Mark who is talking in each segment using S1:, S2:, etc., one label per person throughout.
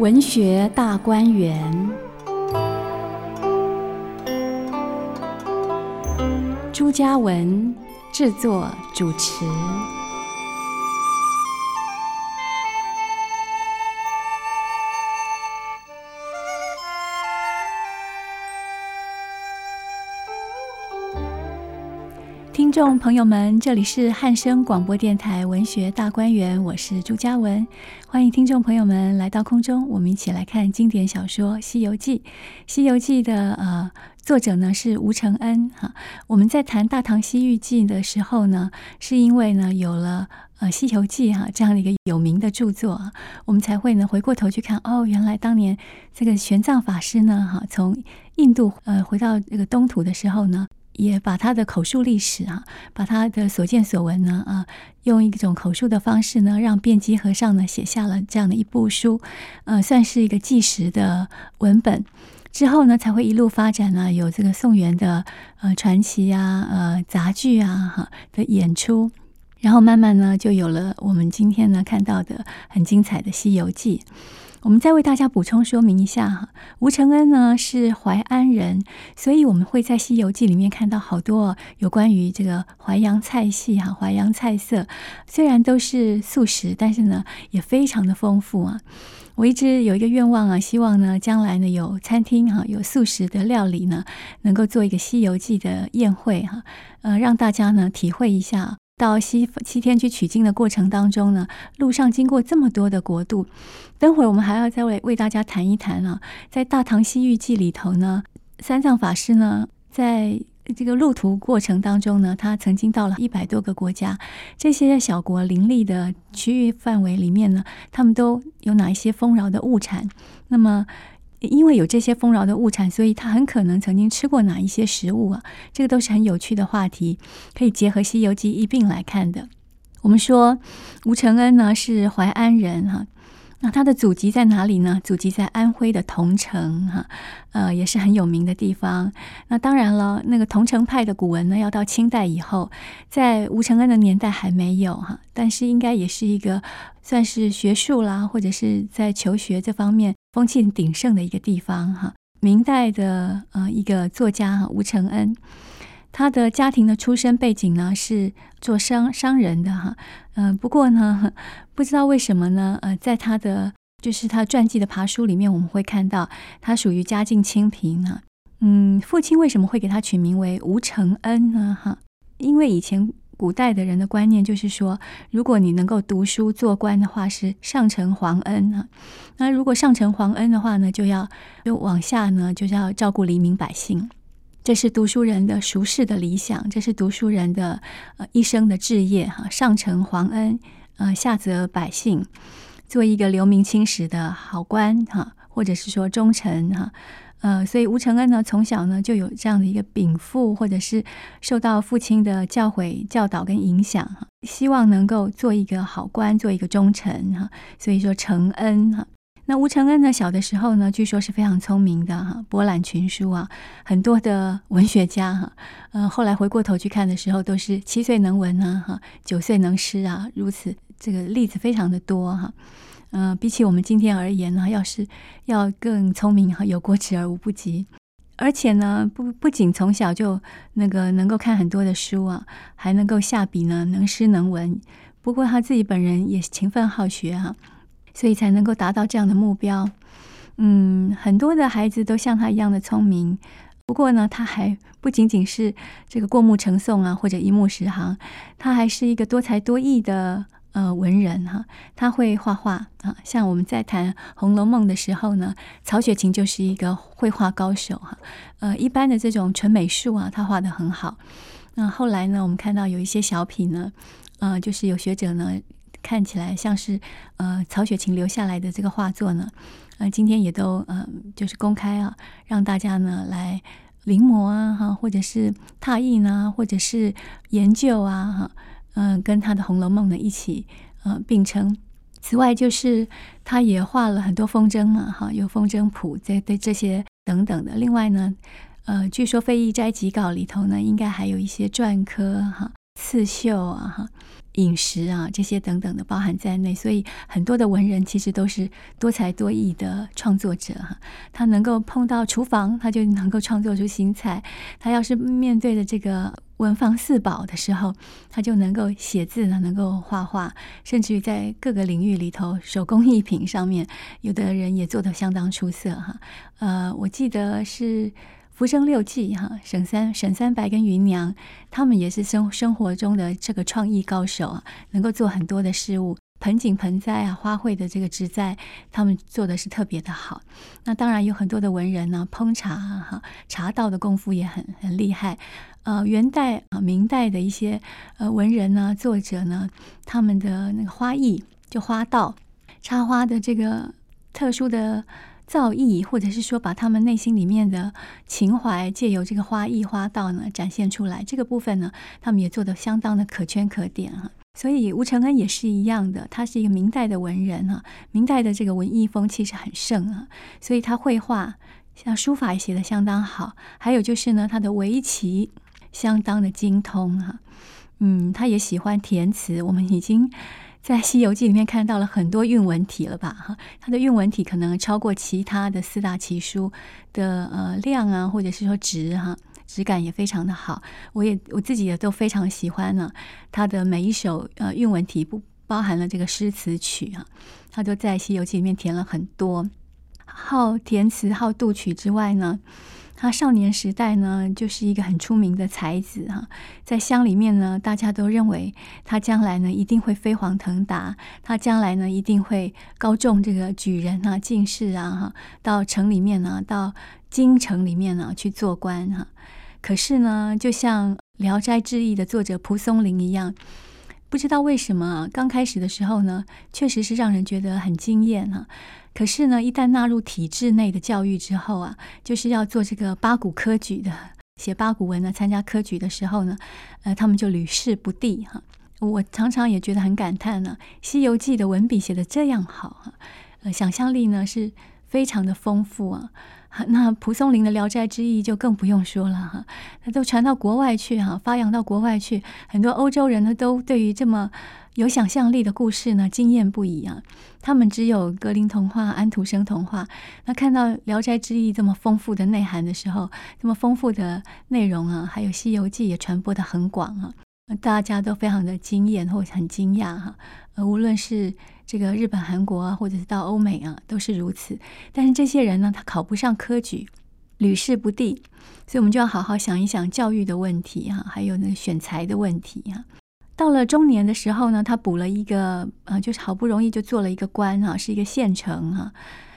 S1: 文學大觀園，朱家文製作主持。聽眾朋友們，這裡是漢聲廣播電臺文學大觀園，我是朱嘉雯。歡迎聽眾朋友們來到空中，我們一起來看經典小說《西遊記》。《西遊記》的呃作者呢是吳承恩哈、啊。我們在談《大唐西域記》的時候呢，是因為呢有了呃《西遊記》啊哈這樣的一個有名的著作，我們才會呢回過頭去看，哦，原來當年這個玄奘法師呢哈、啊、從印度呃回到這個東土的時候呢。也把他的口述歷史啊，把他的所見所聞呢啊，用一種口述的方式呢，讓辯機和尚呢寫下了這樣的一部書，呃，算是一個紀實的文本。之後呢，才會一路發展呢、啊，有這個宋元的呃傳奇啊、呃雜劇啊哈、啊、的演出，然後慢慢呢，就有了我們今天呢看到的很精彩的《西遊記》。我們再為大家補充說明一下哈，吳承恩呢是淮安人，所以我們會在《西遊記》裡面看到好多有關於這個淮揚菜系哈，淮揚菜色雖然都是素食，但是呢也非常的豐富啊。我一直有一個願望啊，希望呢將來呢有餐廳哈，有素食的料理呢，能夠做一個《西遊記》的宴會哈，呃，讓大家呢體會一下。到西西天去取經的過程當中呢，路上經過這麼多的國度，等會兒我們還要再為為大家談一談啊。在《大唐西域記》裡頭呢，三藏法師呢，在這個路途過程當中呢，他曾經到了一百多個國家，這些小國林立的區域範圍裡面呢，他們都有哪一些豐饒的物產？那麼。因為有這些豐饒的物產，所以他很可能曾經吃過哪一些食物啊？這個都是很有趣的話題，可以結合《西遊記》一併來看的。我們說，吳承恩呢是淮安人哈、啊，那他的祖籍在哪裡呢？祖籍在安徽的桐城哈、啊，呃，也是很有名的地方。那當然了，那個桐城派的古文呢，要到清代以後，在吳承恩的年代還沒有哈、啊，但是應該也是一個算是學術啦，或者是在求學這方面。風氣鼎盛的一個地方，哈，明代的呃一個作家哈，吳承恩，他的家庭的出身背景呢是做商商人的，哈，嗯、呃，不過呢不知道為什麼呢，呃，在他的就是他傳記的爬書裡面，我們會看到他屬於家境清貧啊，嗯，父親為什麼會給他取名為吳承恩呢？哈，因為以前。古代的人的觀念就是說，如果你能夠讀書做官的話，是上承皇恩哈，那如果上承皇恩的話呢，就要就往下呢，就是、要照顧黎民百姓。這是讀書人的俗世的理想，這是讀書人的呃一生的志業哈。上承皇恩、呃，下澤百姓，做一個留名青史的好官哈，或者是說忠臣哈。呃呃，所以吳承恩呢，從小呢就有這樣的一個稟賦，或者是受到父親的教誨、教導跟影響哈，希望能夠做一個好官，做一個忠臣哈、啊。所以說承恩哈、啊，那吳承恩呢，小的時候呢，據說是非常聰明的哈、啊，博覽群書啊，很多的文學家哈、啊，呃，後來回過頭去看的時候，都是七歲能文啊哈、啊，九歲能詩啊，如此這個例子非常的多哈。啊嗯、呃，比起我們今天而言呢，要是要更聰明哈，有過之而無不及。而且呢，不不僅從小就那個能夠看很多的書啊，還能夠下筆呢，能詩能文。不過他自己本人也勤奮好學哈、啊，所以才能夠達到這樣的目標。嗯，很多的孩子都像他一樣的聰明。不過呢，他還不僅僅是這個過目成誦啊，或者一目十行，他還是一個多才多藝的。呃，文人哈，他、啊、會畫畫啊。像我們在談《紅樓夢》的時候呢，曹雪芹就是一個繪畫高手哈、啊。呃，一般的這種純美術啊，他畫得很好。那、啊、後來呢，我們看到有一些小品呢，呃、啊，就是有學者呢，看起來像是呃，曹雪芹留下來的這個畫作呢，呃、啊，今天也都呃，就是公開啊，讓大家呢來臨摹啊，哈、啊，或者是拓印啊，或者是研究啊，哈、啊。嗯、呃，跟他的《紅樓夢》呢一起，呃，並稱。此外，就是他也畫了很多風箏嘛，哈，有風箏譜，這對這些等等的。另外呢，呃，據說《廢藝齋集稿》裡頭呢，應該還有一些篆刻、哈，刺繡啊，哈，飲食啊這些等等的包含在內。所以，很多的文人其實都是多才多藝的創作者，哈，他能夠碰到廚房，他就能夠創作出新菜；他要是面對的這個。文房四寶的時候，他就能夠寫字呢，能夠畫畫，甚至於在各個領域裡頭，手工藝品上面，有的人也做得相當出色哈。呃，我記得是《浮生六記》哈，沈三沈三白跟芸娘，他們也是生生活中的這個創意高手啊，能夠做很多的事物。盆景盆栽啊，花卉的這個植栽，他們做的是特別的好。那當然有很多的文人呢、啊，烹茶哈、啊，茶道的功夫也很很厲害。呃，元代啊、明代的一些呃文人呢、啊、作者呢，他們的那個花藝就花道、插花的這個特殊的造詣，或者是說把他們內心裡面的情懷借由這個花藝、花道呢展現出來，這個部分呢，他們也做的相當的可圈可點哈、啊。所以吳承恩也是一樣的，他是一個明代的文人啊。明代的這個文藝風氣是很盛啊，所以他繪畫、像書法也寫的相當好，還有就是呢，他的圍棋相當的精通啊。嗯，他也喜歡填詞，我們已經在《西遊記》裡面看到了很多韻文體了吧？哈，他的韻文體可能超過其他的四大奇書的呃量啊，或者是說值哈、啊。質感也非常的好，我也我自己也都非常喜歡呢、啊。他的每一首呃韻文題，不包含了這個詩詞曲啊，他都在《西遊記》裡面填了很多。好填詞好度曲之外呢，他少年時代呢就是一個很出名的才子哈、啊，在鄉裡面呢大家都認為他將來呢一定會飛黃騰達，他將來呢一定會高中這個舉人啊、進士啊哈，到城裡面呢、啊，到京城裡面呢、啊、去做官哈、啊。可是呢，就像《聊齋志異》的作者蒲松齡一樣，不知道為什麼、啊，剛開始的時候呢，確實是讓人覺得很驚豔啊。可是呢，一旦納入體制內的教育之後啊，就是要做這個八股科舉的，寫八股文呢，參加科舉的時候呢，呃，他們就屢試不第哈、啊。我常常也覺得很感嘆呢、啊，《西遊記》的文筆寫得這樣好啊，呃，想象力呢是非常的豐富啊。那蒲松齡的《聊齋志異》就更不用說了哈、啊，它都傳到國外去哈、啊，發揚到國外去。很多歐洲人呢，都對於這麼有想象力的故事呢，驚艷不已啊。他們只有格林童話、安徒生童話，那看到《聊齋志異》這麼豐富的內涵的時候，這麼豐富的內容啊，還有《西遊記》也傳播得很廣啊，大家都非常的驚艷或者很驚訝哈、啊。無論是這個日本、韓國啊，或者是到歐美啊，都是如此。但是這些人呢，他考不上科舉，屢試不第，所以我們就要好好想一想教育的問題哈，還有那個選材的問題哈。到了中年的時候呢，他補了一個啊，就是好不容易就做了一個官啊，是一個縣城哈，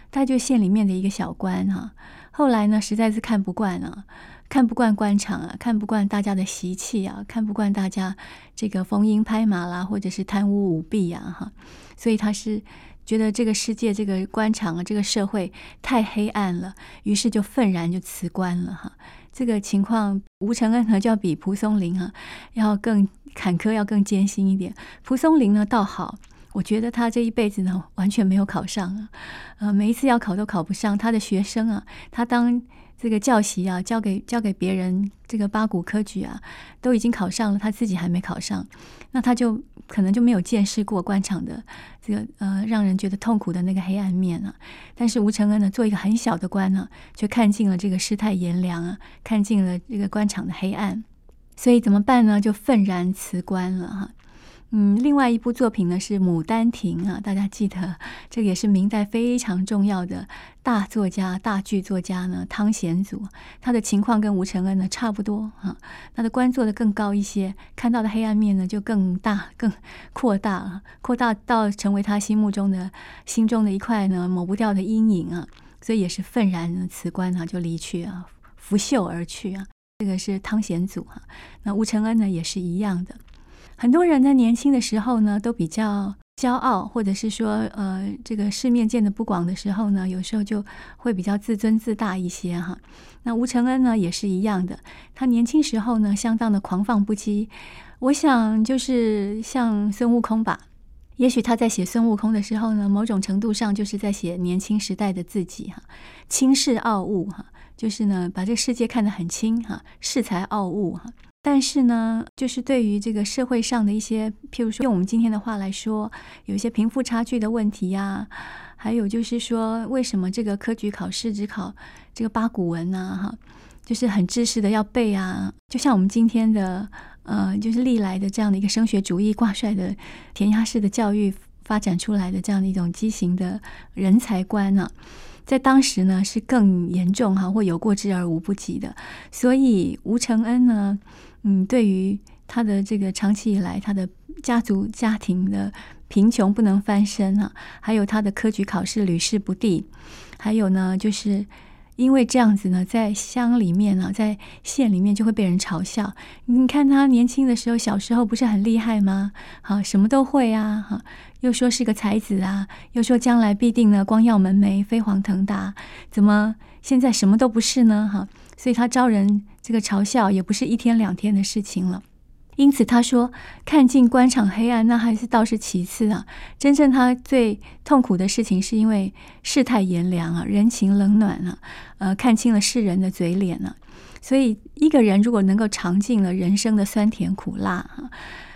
S1: 他就縣裡面的一個小官哈。後來呢，實在是看不慣了。看不慣官場啊，看不慣大家的習氣啊，看不慣大家這個逢迎拍馬啦，或者是貪污舞弊呀、啊，哈，所以他是覺得這個世界、這個官場啊、這個社會太黑暗了，於是就憤然就辭官了，哈。這個情況，吳承恩呢就要比蒲松齡啊要更坎坷、要更艱辛一點。蒲松齡呢倒好，我覺得他這一輩子呢完全沒有考上，啊。呃，每一次要考都考不上。他的學生啊，他當。這個教習啊，交給交給別人，這個八股科舉啊，都已經考上了，他自己還沒考上，那他就可能就沒有見識過官場的這個呃，讓人覺得痛苦的那個黑暗面啊。但是吳承恩呢，做一個很小的官呢，啊，卻看盡了這個世態炎涼啊，看盡了這個官場的黑暗，所以怎麼辦呢？就憤然辭官了哈，啊。嗯，另外一部作品呢是《牡丹亭》啊，大家記得，這個也是明代非常重要的大作家、大劇作家呢，湯顯祖。他的情況跟吳承恩呢差不多啊，他的官做的更高一些，看到的黑暗面呢就更大、更擴大了啊，擴大到成為他心目中的、心中的一塊呢抹不掉的陰影啊，所以也是憤然呢辭官啊，就離去啊，拂袖而去啊。這個是湯顯祖哈啊，那吳承恩呢也是一樣的。很多人在年輕的時候呢，都比較驕傲，或者是說，呃，這個世面見得不廣的時候呢，有時候就會比較自尊自大一些哈。那吳承恩呢也是一樣的，他年輕時候呢相當的狂放不羈。我想就是像孫悟空吧，也許他在寫孫悟空的時候呢，某種程度上就是在寫年輕時代的自己哈，輕世傲物哈，就是呢把這個世界看得很輕哈，恃才傲物哈。但是呢，就是對於這個社會上的一些，譬如說，用我們今天的話來說，有一些貧富差距的問題呀、啊，還有就是說，為什麼這個科舉考試只考這個八股文吶、啊、哈，就是很知識的要背啊，就像我們今天的，呃，就是歷來的這樣的一個升學主義掛帥的填鴨式的教育。發展出來的這樣的一種畸形的人才觀呢、啊，在當時呢是更嚴重哈，會有過之而無不及的。所以吳承恩呢，嗯，對於他的這個長期以來他的家族家庭的貧窮不能翻身啊，還有他的科舉考試屢試不第，還有呢，就是因為這樣子呢，在鄉裡面呢、啊，在縣裡面就會被人嘲笑。你看他年輕的時候，小時候不是很厲害嗎？哈，什麼都會啊，哈。又說是個才子啊，又說將來必定呢光耀門楣、飛黃騰達，怎麼現在什麼都不是呢？哈、啊，所以他招人這個嘲笑也不是一天兩天的事情了。因此他說，看盡官場黑暗，那還是倒是其次啊，真正他最痛苦的事情，是因為世態炎涼啊，人情冷暖啊，呃，看清了世人的嘴臉啊。所以一個人如果能夠嘗盡了人生的酸甜苦辣、啊，哈。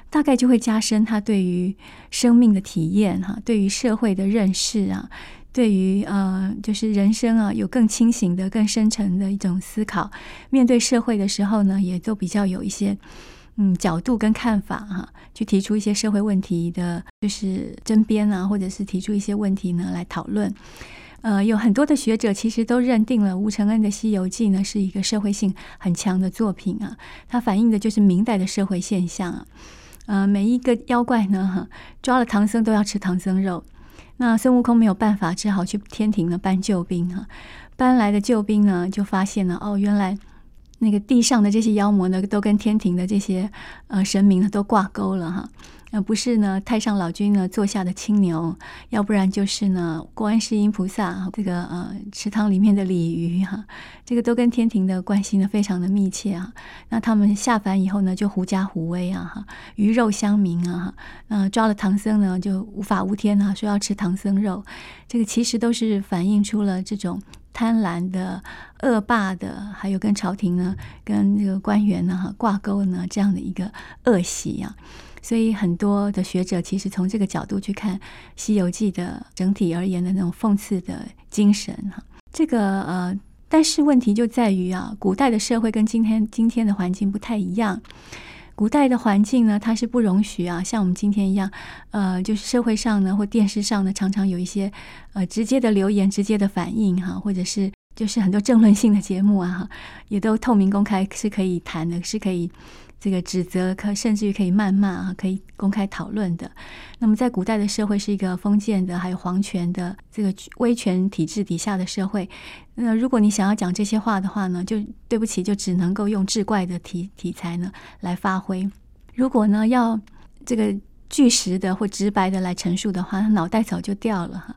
S1: 大概就會加深他對於生命的體驗哈、啊，對於社會的認識啊，對於呃、啊，就是人生啊，有更清醒的、更深沉的一種思考。面對社會的時候呢，也都比較有一些嗯角度跟看法哈、啊，去提出一些社會問題的，就是針砭啊，或者是提出一些問題呢來討論。呃，有很多的學者其實都認定了吳承恩的《西遊記》呢是一個社會性很強的作品啊，它反映的就是明代的社會現象啊。呃，每一個妖怪呢，哈，抓了唐僧都要吃唐僧肉。那孫悟空沒有辦法，只好去天庭呢搬救兵哈。搬來的救兵呢，就發現了哦，原來那個地上的這些妖魔呢，都跟天庭的這些呃神明呢都掛鈎了哈。那、呃、不是呢，太上老君呢座下的青牛，要不然就是呢，觀世音菩薩這個呃池塘裡面的鯉魚哈、啊，這個都跟天庭的關係呢非常的密切啊。那他們下凡以後呢，就狐假虎威啊哈，魚肉鄉民啊哈，那、啊、抓了唐僧呢，就無法無天啊，說要吃唐僧肉，這個其實都是反映出了這種貪婪的惡霸的，還有跟朝廷呢、跟那個官員呢哈掛鈎呢這樣的一個惡習啊。所以很多的學者其實從這個角度去看《西遊記》的整體而言的那種諷刺的精神哈，這個呃，但是問題就在於啊，古代的社會跟今天今天的環境不太一樣，古代的環境呢，它是不容許啊，像我們今天一樣，呃，就是社會上呢或電視上呢，常常有一些呃直接的留言、直接的反應哈、啊，或者是就是很多政論性的節目啊，哈，也都透明公開是可以談的，是可以。這個指責可甚至於可以謾罵啊，可以公開討論的。那麼在古代的社會是一個封建的，還有皇權的，這個威權體制底下的社會。那如果你想要講這些話的話呢，就對不起，就只能夠用志怪的題題材呢來發揮。如果呢要這個據實的或直白的來陳述的話，腦袋早就掉了哈。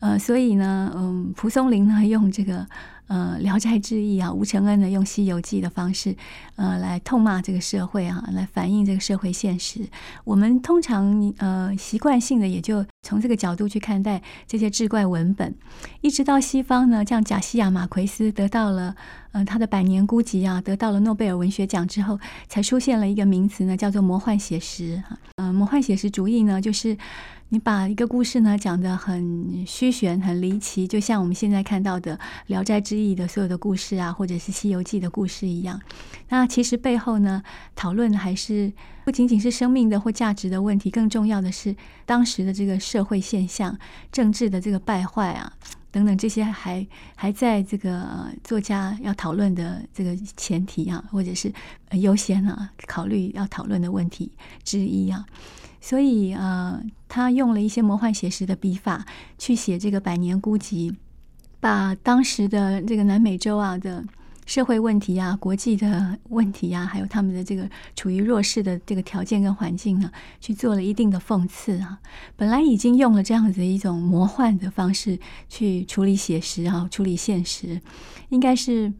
S1: 呃，所以呢，嗯，蒲松齡呢用這個。呃，《聊齋誌異》啊，吳承恩呢用《西遊記》的方式，呃，來痛罵這個社會啊，來反映這個社會現實。我們通常，呃習慣性的也就從這個角度去看待這些志怪文本。一直到西方呢，像賈西亞馬奎斯得到了嗯，呃，他的百年孤寂啊，得到了諾貝爾文學獎之後，才出現了一個名詞呢，叫做魔幻寫實。哈，嗯，魔幻寫實主義呢，就是。你把一個故事呢講得很虛懸、很離奇，就像我們現在看到的《聊齋志異》的所有的故事啊，或者是《西遊記》的故事一樣。那其實背後呢，討論的還是不僅僅是生命的或價值的問題，更重要的是當時的這個社會現象、政治的這個敗壞啊等等這些還，還還在這個作家要討論的這個前提啊，或者是優先啊考慮要討論的問題之一啊。所以啊、呃，他用了一些魔幻寫實的筆法去寫這個《百年孤寂》，把當時的這個南美洲啊的社會問題啊，國際的問題啊，還有他們的這個處於弱勢的這個條件跟環境呢、啊，去做了一定的諷刺啊。本來已經用了這樣子的一種魔幻的方式去處理寫實啊，處理現實，應該是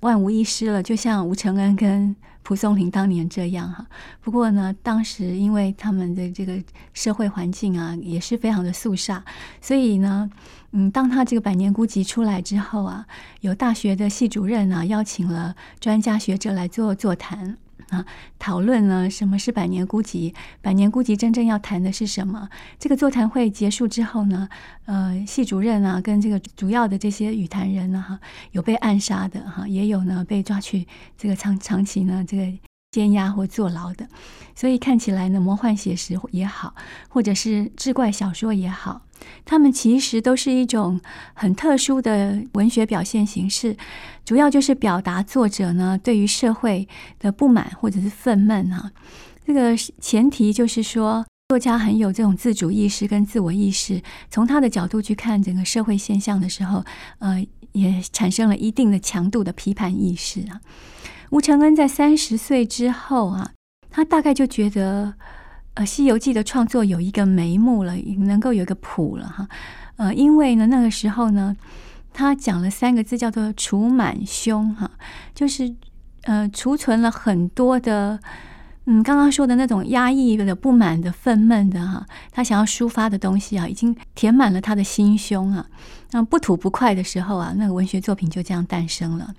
S1: 萬無一失了。就像吳承恩跟。蒲松齡當年這樣哈，不過呢，當時因為他們的這個社會環境啊，也是非常的肅殺，所以呢，嗯，當他這個《百年孤寂》出來之後啊，有大學的系主任呢、啊，邀請了專家學者來做座談。啊，討論呢什麼是百年孤寂，百年孤寂真正要談的是什麼？這個座談會結束之後呢，呃，系主任啊，跟這個主要的這些與談人呢哈，有被暗殺的哈，也有呢被抓去這個長長期呢這個監押或坐牢的，所以看起來呢，魔幻寫實也好，或者是志怪小說也好。他們其實都是一種很特殊的文學表現形式，主要就是表達作者呢對於社會的不滿或者是憤懣啊。這個前提就是說，作家很有這種自主意識跟自我意識，從他的角度去看整個社會現象的時候，呃，也產生了一定的強度的批判意識啊。吳承恩在三十歲之後啊，他大概就覺得。呃，《西遊記》的創作有一個眉目了，已經能夠有一個譜了哈。呃，因為呢，那個時候呢，他講了三個字叫做“儲滿胸”哈、啊，就是呃，儲存了很多的，嗯，剛剛說的那種壓抑的、不滿的、憤懣的哈、啊，他想要抒發的東西啊，已經填滿了他的心胸啊。那、啊、不吐不快的時候啊，那個文學作品就這樣誕生了。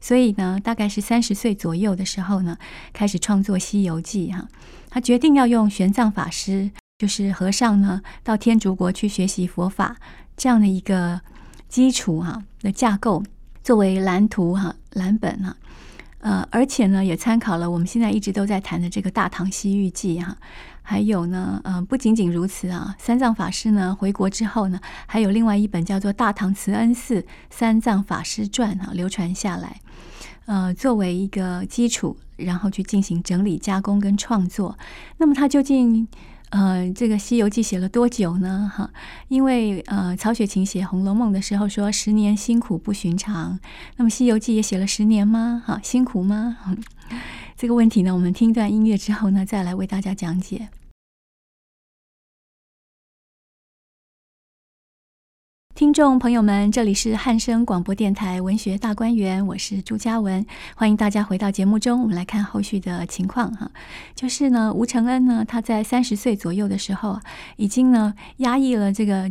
S1: 所以呢，大概是三十歲左右的時候呢，開始創作《西遊記》哈、啊。他決定要用玄奘法師，就是和尚呢，到天竺國去學習佛法這樣的一個基礎哈、啊、的架構作為藍圖哈、啊、藍本哈、啊，呃，而且呢也參考了我們現在一直都在談的這個《大唐西域記、啊》哈，還有呢，呃，不僅僅如此啊，三藏法師呢回國之後呢，還有另外一本叫做《大唐慈恩寺三藏法師傳》哈、啊，流傳下來。呃，作為一個基礎，然後去進行整理、加工跟創作。那麼，它究竟呃，這個《西遊記》寫了多久呢？哈，因為呃，曹雪芹寫《紅樓夢》的時候說“十年辛苦不尋常”，那麼《西遊記》也寫了十年嗎？哈，辛苦嗎？哈，這個問題呢，我們聽一段音樂之後呢，再來為大家講解。聽眾朋友們，這裡是漢聲廣播電臺文學大觀園，我是朱嘉雯。歡迎大家回到節目中，我們來看後續的情況哈。就是呢，吳承恩呢，他在三十歲左右的時候，已經呢壓抑了這個。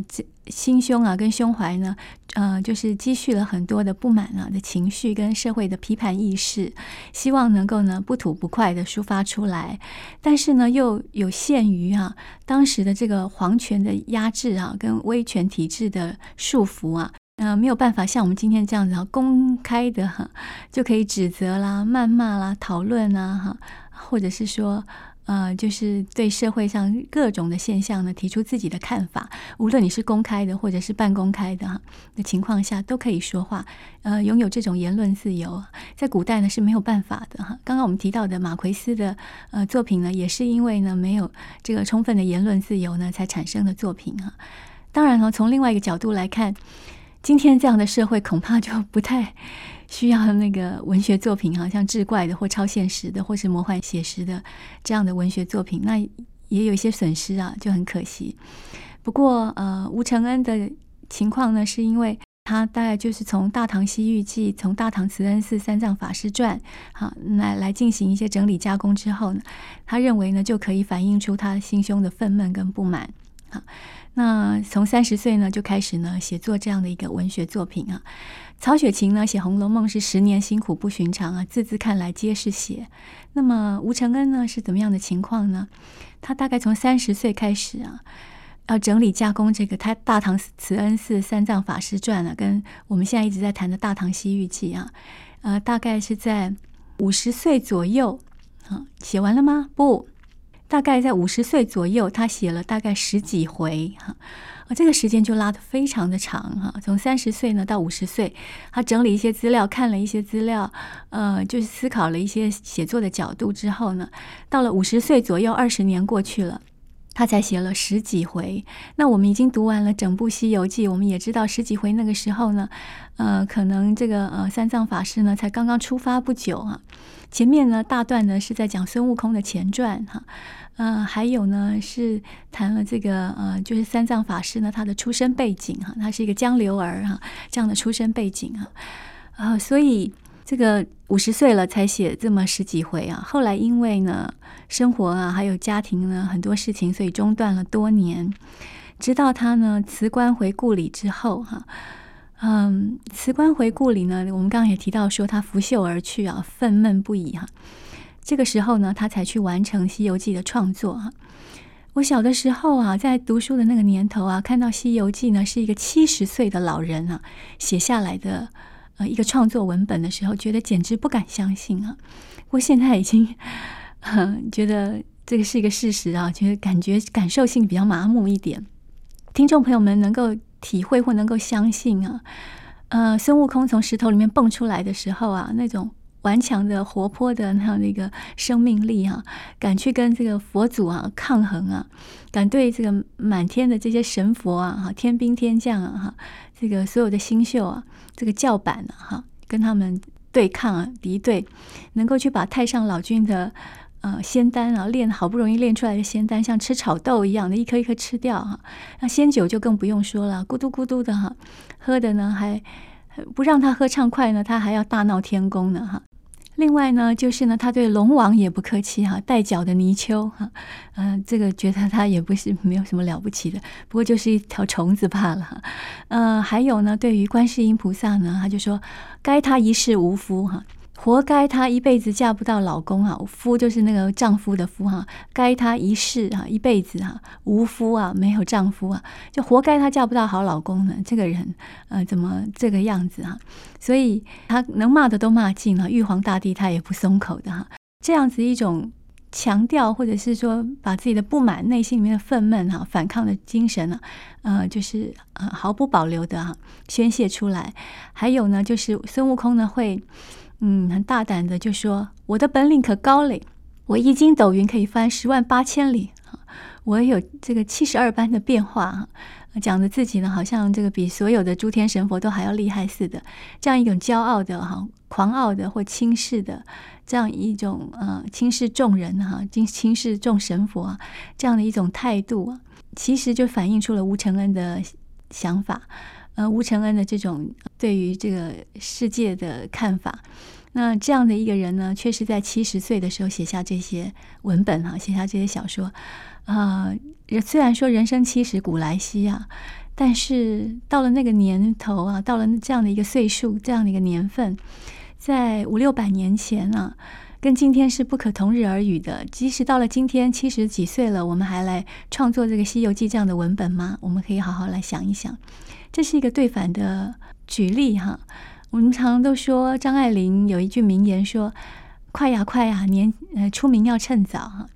S1: 心胸啊，跟胸懷呢，呃，就是積蓄了很多的不滿啊的情緒，跟社會的批判意識，希望能夠呢不吐不快的抒發出來，但是呢，又有限於哈、啊、當時的這個皇權的壓制啊，跟威權體制的束縛啊，那、呃、沒有辦法像我們今天這樣子啊，公開的哈，就可以指責啦、謾罵啦、討論啊，哈，或者是說。呃，就是對社會上各種的現象呢，提出自己的看法，無論你是公開的或者是半公開的哈的情況下，都可以說話。呃，擁有這種言論自由，在古代呢是沒有辦法的哈。剛剛我們提到的馬奎斯的呃作品呢，也是因為呢沒有這個充分的言論自由呢，才產生的作品哈。當然哈，從另外一個角度來看。今天這樣的社會恐怕就不太需要那個文學作品好，啊，像志怪的或超現實的，或是魔幻寫實的這樣的文學作品，那也有一些損失啊，就很可惜。不過，呃，吳承恩的情況呢，是因為他大概就是從《大唐西域記》、從《大唐慈恩寺三藏法師傳》好來來進行一些整理加工之後呢，他認為呢就可以反映出他心胸的憤懣跟不滿，啊。那從三十歲呢就開始呢寫作這樣的一個文學作品啊，曹雪芹呢寫《紅樓夢》是十年辛苦不尋常啊，字字看來皆是血。那麼吳承恩呢是怎麼樣的情況呢？他大概從三十歲開始啊，要、啊、整理加工這個他《大唐慈恩寺三藏法師傳》啊，了，跟我們現在一直在談的《大唐西域記》啊，啊，呃，大概是在五十歲左右啊，寫完了嗎？不。大概在五十歲左右，他寫了大概十幾回哈、啊，這個時間就拉得非常的長哈、啊，從三十歲呢到五十歲，他整理一些資料，看了一些資料，呃，就是思考了一些寫作的角度之後呢，到了五十歲左右，二十年過去了，他才寫了十幾回。那我們已經讀完了整部《西遊記》，我們也知道十幾回那個時候呢，呃，可能這個呃三藏法師呢才剛剛出發不久啊，前面呢大段呢是在講孫悟空的前傳哈。啊嗯、呃，還有呢，是談了這個呃，就是三藏法師呢，他的出身背景哈、啊，他是一個江流兒哈、啊，這樣的出身背景哈、啊，啊，所以這個五十歲了才寫這麼十幾回啊，後來因為呢，生活啊，還有家庭呢，很多事情，所以中斷了多年，直到他呢辭官回故里之後哈，嗯、啊呃，辭官回故里呢，我們剛剛也提到說他拂袖而去啊，憤懣不已哈。啊。這個時候呢，他才去完成《西遊記》的創作啊。我小的時候啊，在讀書的那個年頭啊，看到《西遊記》呢，是一個七十歲的老人啊寫下來的呃，一個創作文本的時候，覺得簡直不敢相信啊。我現在已經，嗯、呃，覺得這個是一個事實啊，覺得感覺感受性比較麻木一點。聽眾朋友們能夠體會或能夠相信啊，呃，孫悟空從石頭裡面蹦出來的時候啊，那種。頑強的、活潑的那樣的一個生命力哈、啊，敢去跟這個佛祖啊抗衡啊，敢對這個滿天的這些神佛啊、哈天兵天將啊、哈、啊、這個所有的星宿啊，這個叫板啊，哈、啊、跟他們對抗、啊，敵對，能夠去把太上老君的呃仙丹啊煉好不容易煉出來的仙丹，像吃炒豆一樣的一顆一顆吃掉哈、啊，那、啊、仙酒就更不用說了，咕嘟咕嘟的哈、啊，喝的呢還不讓他喝暢快呢，他還要大鬧天宮呢哈。啊另外呢，就是呢，他對龍王也不客氣哈，帶角的泥鰍哈，嗯、啊，這個覺得他也不是沒有什麼了不起的，不過就是一條蟲子罷了，呃、啊，還有呢，對於觀世音菩薩呢，他就說該他一世無夫哈。啊活該她一輩子嫁不到老公哈、啊，夫就是那個丈夫的夫哈、啊，該她一世啊一輩子哈、啊、無夫啊，沒有丈夫啊，就活該她嫁不到好老公呢。這個人呃，怎麼這個樣子啊？所以他能罵的都罵盡了、啊，玉皇大帝他也不鬆口的哈、啊。這樣子一種強調，或者是說把自己的不滿、內心裡面的憤懣哈、啊、反抗的精神呢、啊，呃，就是、呃、毫不保留的啊宣洩出來。還有呢，就是孫悟空呢會。嗯，很大膽的就說我的本領可高嘞，我一筋斗雲可以翻十萬八千里啊，我有這個七十二般的變化，講的自己呢好像這個比所有的諸天神佛都還要厲害似的，這樣一種驕傲的哈、狂傲的或輕視的這樣一種呃輕視眾人哈、輕、輕視眾神佛啊，這樣的一種態度啊，其實就反映出了吳承恩的想法。呃，吳承恩的這種對於這個世界的看法，那這樣的一個人呢，確實在七十歲的時候寫下這些文本啊，寫下這些小說，啊、呃，也雖然說人生七十古來稀啊，但是到了那個年頭啊，到了這樣的一個歲數，這樣的一個年份，在五六百年前啊。跟今天是不可同日而語的。即使到了今天，七十幾歲了，我們還來創作這個《西遊記》這樣的文本嗎？我們可以好好來想一想。這是一個對反的舉例哈。我們常常都說張愛玲有一句名言說：“快呀快呀，年呃出名要趁早哈。啊”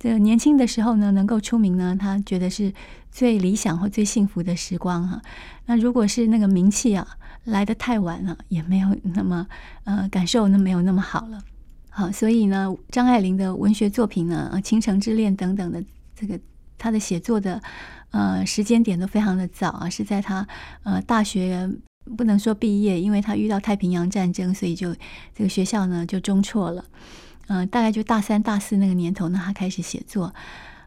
S1: 這年輕的時候呢，能夠出名呢，他覺得是最理想或最幸福的時光哈、啊。那如果是那個名氣啊來得太晚了、啊，也沒有那麼呃感受，那沒有那麼好了。好，所以呢，張愛玲的文學作品呢，啊，《傾城之戀》等等的，這個她的寫作的，呃，時間點都非常的早啊，是在她呃大學不能說畢業，因為她遇到太平洋戰爭，所以就這個學校呢就中輟了，嗯、呃，大概就大三、大四那個年頭呢，她開始寫作，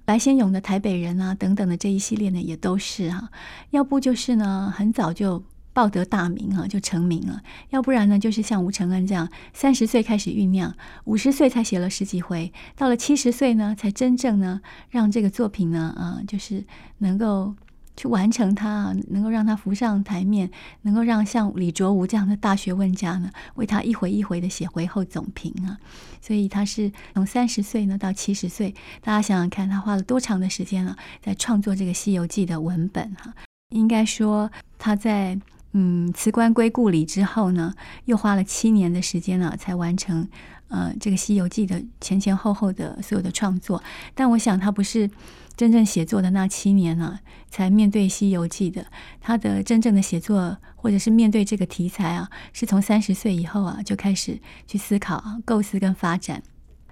S1: 白先勇的《台北人》啊等等的這一系列呢，也都是哈、啊，要不就是呢，很早就。道德大名啊，就成名了。要不然呢，就是像吳承恩這樣，三十歲開始醞釀，五十歲才寫了十幾回，到了七十歲呢，才真正呢，讓這個作品呢，啊，就是能夠去完成它，能夠讓它浮上台面，能夠讓像李卓吾這樣的大學問家呢，為他一回一回的寫回後總評啊。所以他是從三十歲呢到七十歲，大家想想看，他花了多長的時間了、啊，在創作這個《西遊記》的文本哈、啊？應該說他在。嗯，辭官歸故里之後呢，又花了七年的時間呢、啊，才完成呃這個《西遊記》的前前後後的所有的創作。但我想，他不是真正寫作的那七年呢、啊，才面對《西遊記》的。他的真正的寫作或者是面對這個題材啊，是從三十歲以後啊就開始去思考、構思跟發展。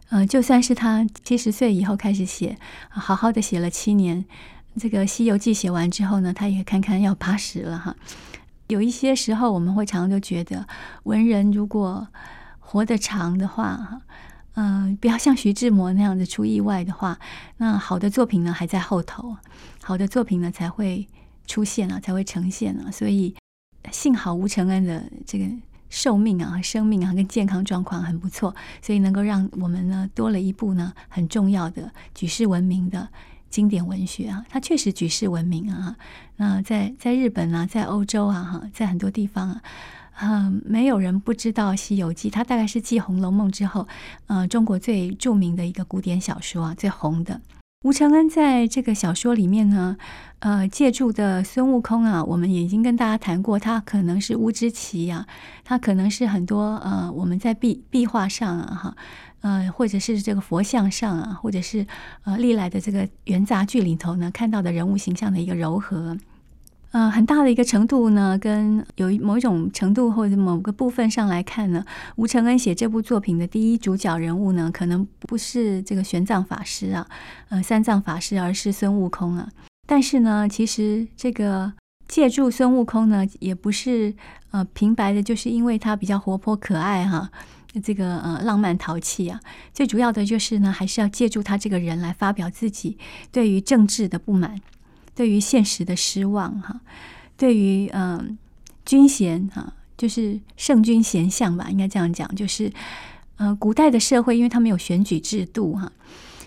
S1: 呃，就算是他七十歲以後開始寫、啊，好好的寫了七年，這個《西遊記》寫完之後呢，他也堪堪要八十了哈。有一些時候，我們會常常都覺得，文人如果活得長的話，嗯、呃，不要像徐志摩那樣子出意外的話，那好的作品呢還在後頭，好的作品呢才會出現啊，才會呈現啊。所以，幸好吳承恩的這個壽命啊、生命啊跟健康狀況很不錯，所以能夠讓我們呢多了一部呢很重要的、舉世聞名的。經典文學啊，它確實舉世聞名啊。那在在日本啊，在歐洲啊，哈，在很多地方啊，嗯、呃，沒有人不知道《西遊記》。它大概是繼《紅樓夢》之後，呃，中國最著名的一個古典小說啊，最紅的。吳承恩在這個小說裡面呢，呃，借助的孫悟空啊，我們也已經跟大家談過，他可能是無支祁呀、啊，他可能是很多呃，我們在壁壁畫上啊，哈。呃，或者是這個佛像上啊，或者是呃歷來的這個元雜劇裡頭呢，看到的人物形象的一個糅合，呃，很大的一個程度呢，跟有某種程度或者某個部分上來看呢，吳承恩寫這部作品的第一主角人物呢，可能不是這個玄奘法師啊，呃，三藏法師，而是孫悟空啊。但是呢，其實這個借助孫悟空呢，也不是呃平白的，就是因為他比較活潑可愛哈。這個呃浪漫淘氣啊，最主要的就是呢，還是要借助他這個人來發表自己對於政治的不滿，對於現實的失望哈、啊，對於嗯、呃、君賢哈、啊，就是聖君賢相吧，應該這樣講，就是呃古代的社會，因為他沒有選舉制度哈、啊，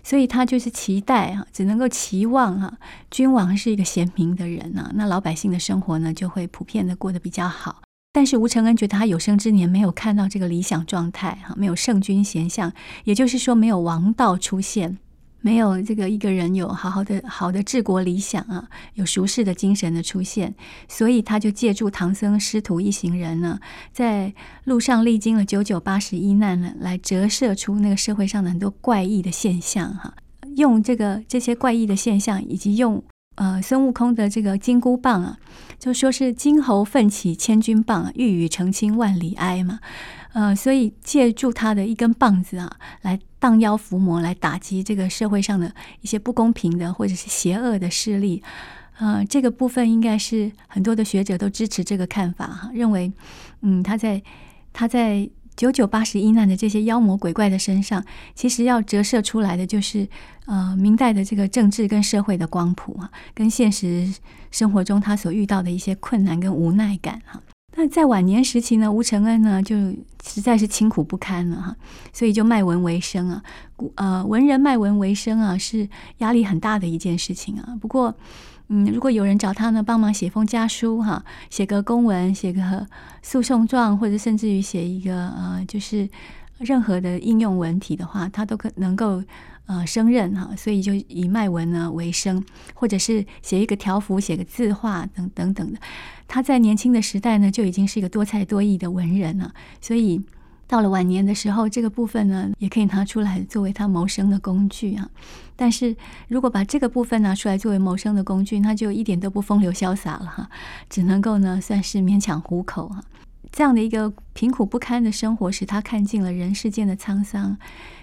S1: 所以他就是期待哈，只能夠期望哈、啊，君王是一個賢明的人吶、啊，那老百姓的生活呢，就會普遍的過得比較好。但是吳承恩覺得他有生之年沒有看到這個理想狀態，哈，沒有聖君賢相，也就是說沒有王道出現，沒有這個一個人有好好的好的治國理想啊，有淑世的精神的出現，所以他就借助唐僧師徒一行人呢，在路上歷經了九九八十一難呢，來折射出那個社會上的很多怪異的現象，哈，用這個這些怪異的現象，以及用呃孫悟空的這個金箍棒啊。就說是金猴奮起千鈞棒，玉宇澄清萬里埃嘛，呃，所以借助他的一根棒子啊，來盪妖伏魔，來打擊這個社會上的一些不公平的或者是邪惡的勢力，呃，這個部分應該是很多的學者都支持這個看法哈，認為，嗯，他在，他在。九九八十一難的這些妖魔鬼怪的身上，其實要折射出來的就是，呃，明代的這個政治跟社會的光譜啊，跟現實生活中他所遇到的一些困難跟無奈感啊。那在晚年時期呢，吳承恩呢就實在是清苦不堪了哈，所以就賣文為生啊，呃，文人賣文為生啊，是壓力很大的一件事情啊。不過。嗯，如果有人找他呢，幫忙寫封家書哈、啊，寫個公文，寫個訴訟狀，或者甚至於寫一個呃，就是任何的應用文體的話，他都可能夠呃勝任哈、啊。所以就以賣文呢為生，或者是寫一個條幅，寫個字畫等等，等等的。他在年輕的時代呢，就已經是一個多才多藝的文人了，啊，所以。到了晚年的時候，這個部分呢，也可以拿出來作為他謀生的工具啊。但是如果把這個部分拿出來作為謀生的工具，那就一點都不風流瀟灑了哈，只能夠呢，算是勉強糊口啊。這樣的一個貧苦不堪的生活，使他看盡了人世間的滄桑，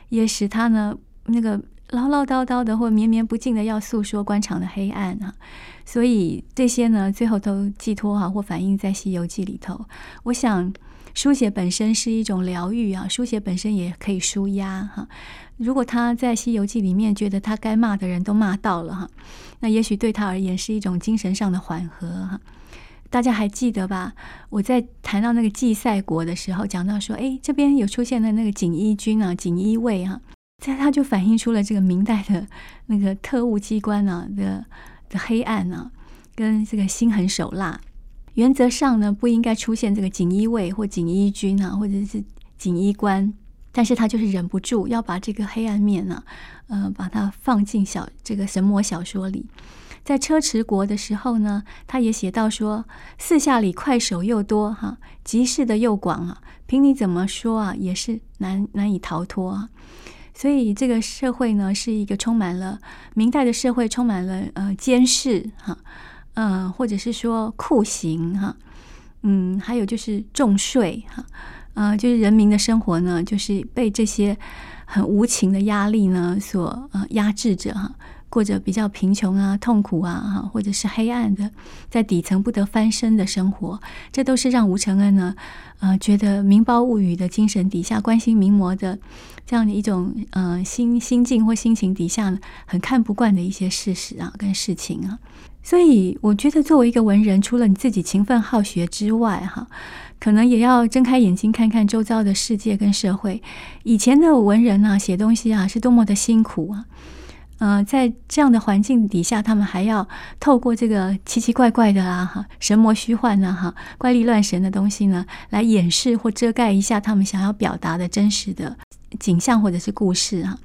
S1: 也使他呢，那個嘮嘮叨叨，叨的或綿綿不盡的要訴說官場的黑暗啊。所以這些呢，最後都寄託哈、啊、或反映在《西遊記》裡頭。我想。書寫本身是一種療癒啊，書寫本身也可以舒壓哈、啊。如果他在《西遊記》裡面覺得他該罵的人都罵到了哈、啊，那也許對他而言是一種精神上的緩和哈、啊。大家還記得吧？我在談到那個祭賽國的時候，講到說，哎，這邊有出現的那個錦衣軍啊、錦衣衛啊，在他就反映出了這個明代的那個特務機關啊的的黑暗啊，跟這個心狠手辣。原則上呢，不應該出現這個錦衣衛或錦衣軍啊，或者是錦衣官，但是他就是忍不住要把這個黑暗面呢、啊，嗯、呃，把它放進小這個神魔小說裡。在車遲國的時候呢，他也寫到說，四下裡快手又多哈、啊，緝事的又廣啊，憑你怎麼說啊，也是難難以逃脫啊。所以這個社會呢，是一個充滿了明代的社會，充滿了呃監視哈。啊。嗯、呃，或者是說酷刑哈、啊，嗯，還有就是重稅哈、啊，啊、呃，就是人民的生活呢，就是被這些很無情的壓力呢所呃壓制着哈、啊，過着比較貧窮啊、痛苦啊哈，或者是黑暗的，在底層不得翻身的生活，這都是讓吳承恩呢呃覺得《民胞物與》的精神底下關心民瘼的這樣的一種呃心心境或心情底下呢很看不慣的一些事實啊跟事情啊。所以我覺得，作為一個文人，除了你自己勤奮好學之外，哈，可能也要睜開眼睛看看周遭的世界跟社會。以前的文人呢、啊，寫東西啊，是多麼的辛苦啊！呃，在這樣的環境底下，他們還要透過這個奇奇怪怪的啦，哈，神魔虛幻呢，哈，怪力亂神的東西呢，來掩飾或遮蓋一下他們想要表達的真實的景象或者是故事啊。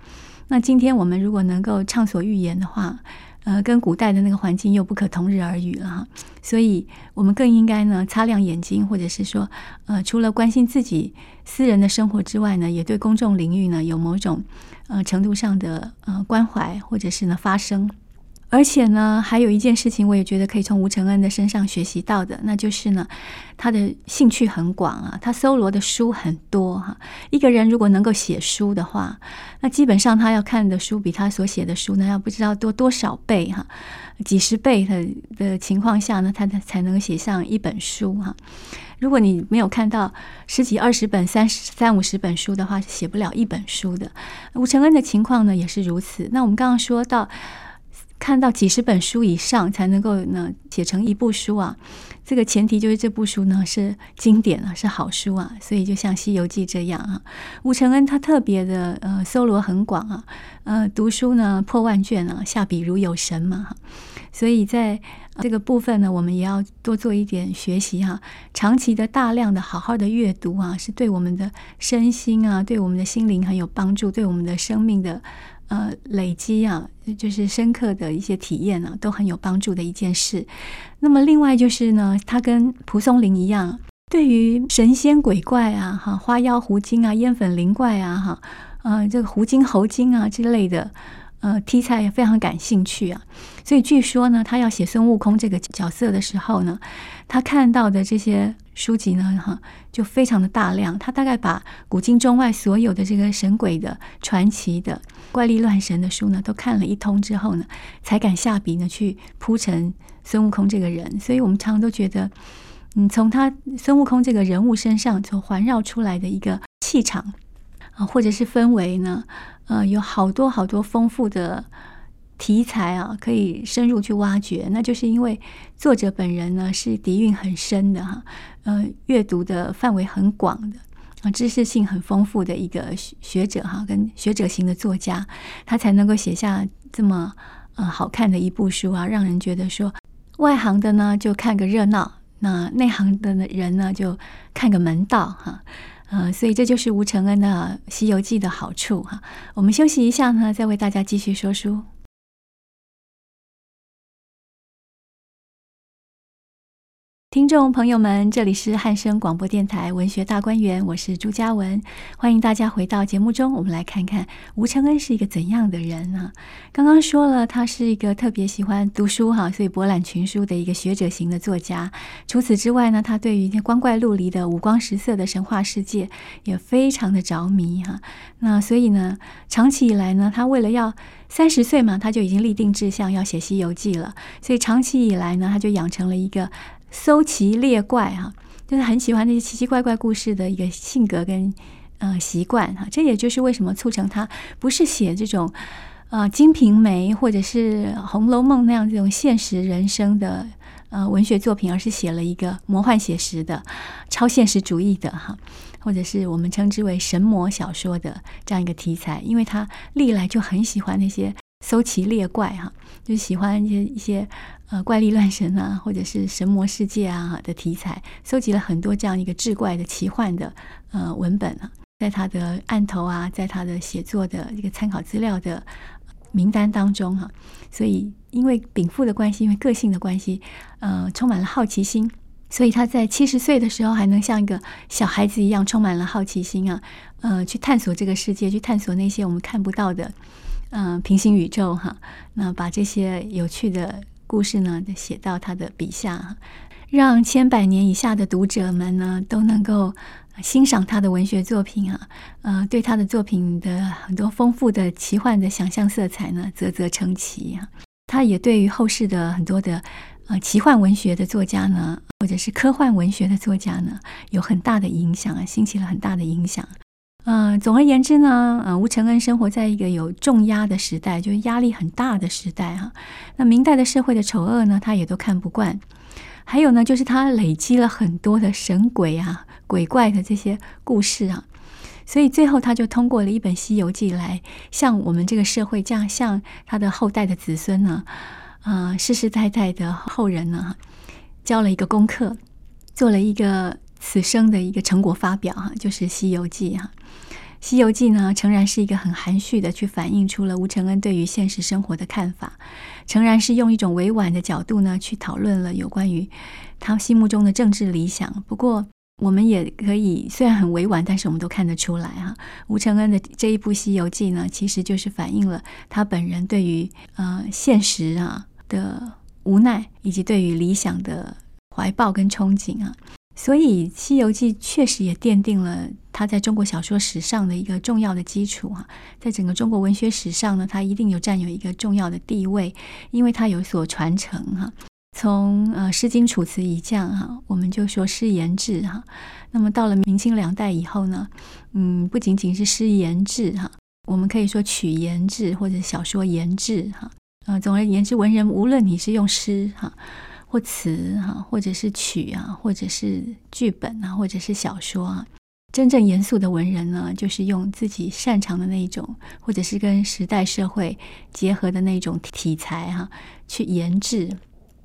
S1: 那今天我們如果能夠暢所欲言的話，呃，跟古代的那個環境又不可同日而語了哈，所以我們更應該呢，擦亮眼睛，或者是說，呃，除了關心自己私人的生活之外呢，也對公眾領域呢有某種呃程度上的呃關懷，或者是呢發聲。而且呢，還有一件事情，我也覺得可以從吳承恩的身上學習到的，那就是呢，他的興趣很廣啊，他搜羅的書很多哈。一個人如果能夠寫書的話，那基本上他要看的書比他所寫的書呢要不知道多多少倍哈，幾十倍的的情況下呢，他才才能夠寫上一本書哈。如果你沒有看到十幾二十本、三十三五十本書的話，是寫不了一本書的。吳承恩的情況呢也是如此。那我們剛剛說到。看到幾十本書以上才能夠呢寫成一部書啊，這個前提就是這部書呢是經典啊，是好書啊，所以就像《西遊記》這樣啊，吳承恩他特別的呃搜羅很廣啊，呃讀書呢破萬卷啊，下筆如有神嘛哈，所以在。啊、這個部分呢，我們也要多做一點學習哈、啊。長期的、大量的、好好的閱讀啊，是對我們的身心啊，對我們的心靈很有幫助，對我們的生命的呃累積啊，就是深刻的一些體驗啊，都很有幫助的一件事。那麼，另外就是呢，他跟蒲松齡一樣，對於神仙鬼怪啊，哈、啊，花妖狐精啊，煙粉靈怪啊，哈、啊，啊這個狐精、啊、猴精啊之類的呃題材也非常感興趣啊。所以據說呢，他要寫孫悟空這個角色的時候呢，他看到的這些書籍呢，哈，就非常的大量。他大概把古今中外所有的這個神鬼的傳奇的怪力亂神的書呢，都看了一通之後呢，才敢下筆呢去鋪陳孫悟空這個人。所以我們常常都覺得，嗯，從他孫悟空這個人物身上，所環繞出來的一個氣場啊，或者是氛圍呢，呃，有好多好多豐富的。題材啊，可以深入去挖掘，那就是因為作者本人呢是底蘊很深的哈，呃，閱讀的範圍很廣的，啊，知識性很豐富的一個學者哈，跟學者型的作家，他才能夠寫下這麼呃好看的一部書啊，讓人覺得說外行的呢就看個熱鬧，那內行的人呢就看個門道哈，呃，所以這就是吳承恩的《西遊記》的好處哈。我們休息一下呢，再為大家繼續說書。聽眾朋友們，這裡是漢聲廣播電台文學大觀園，我是朱嘉雯，歡迎大家回到節目中。我們來看看吳承恩是一個怎樣的人呢、啊？剛剛說了，他是一個特別喜歡讀書哈、啊，所以博覽群書的一個學者型的作家。除此之外呢，他對於那光怪陸離的五光十色的神話世界也非常的着迷哈、啊。那所以呢，長期以來呢，他為了要三十歲嘛，他就已經立定志向要寫《西遊記》了。所以長期以來呢，他就養成了一個。搜奇獵怪哈，就是很喜歡那些奇奇怪怪故事的一個性格跟呃習慣哈，這也就是為什麼促成他不是寫這種呃《金瓶梅》或者是《紅樓夢》那樣這種現實人生的呃文學作品，而是寫了一個魔幻寫實的、超現實主義的哈，或者是我們稱之為神魔小說的這樣一個題材，因為他歷來就很喜歡那些。搜奇獵怪哈、啊，就喜歡一些一些呃怪力亂神啊，或者是神魔世界啊，啊的題材，蒐集了很多這樣一個志怪的奇幻的呃文本啊，在他的案頭啊，在他的寫作的一個參考資料的名單當中哈、啊。所以因為稟賦的關係，因為個性的關係，呃，充滿了好奇心，所以他在七十歲的時候還能像一個小孩子一樣，充滿了好奇心啊，呃，去探索這個世界，去探索那些我們看不到的。嗯，平行宇宙哈，那把這些有趣的故事呢，就寫到他的筆下，讓千百年以下的讀者們呢，都能夠欣賞他的文學作品啊，呃，對他的作品的很多豐富的奇幻的想象色彩呢，嘖嘖稱奇啊。他也對於後世的很多的呃奇幻文學的作家呢，或者是科幻文學的作家呢，有很大的影響啊，興起了很大的影響。嗯、呃，總而言之呢，呃，吳承恩生活在一個有重壓的時代，就是壓力很大的時代哈、啊。那明代的社會的醜惡呢，他也都看不慣。還有呢，就是他累積了很多的神鬼啊、鬼怪的這些故事啊。所以最後他就通過了一本《西遊記》來向我們這個社會這樣，向他的後代的子孫呢，啊、呃，世世代代的後人呢，教了一個功課，做了一個此生的一個成果發表哈、啊，就是《西遊記》哈、啊。《西遊記》呢，誠然是一個很含蓄的去反映出了吳承恩對於現實生活的看法，誠然是用一種委婉的角度呢，去討論了有關於他心目中的政治理想。不過，我們也可以，雖然很委婉，但是我們都看得出來哈、啊，吳承恩的這一部《西遊記》呢，其實就是反映了他本人對於呃現實啊的無奈，以及對於理想的懷抱跟憧憬啊。所以《西遊記》確實也奠定了它在中國小說史上的一個重要的基礎哈、啊、在整個中國文學史上呢，它一定有佔有一個重要的地位，因為它有所傳承哈、啊。從呃《詩經》《楚辭》以降哈，我們就說詩言志哈。那麼到了明清兩代以後呢，嗯，不僅僅是詩言志哈，我們可以說曲言志或者小說言志哈。呃總而言之，文人無論你是用詩哈、啊。或詞哈，或者是曲啊，或者是劇本啊，或者是小說啊，真正嚴肅的文人呢，就是用自己擅長的那一種，或者是跟時代社會結合的那一種題材哈、啊，去研制。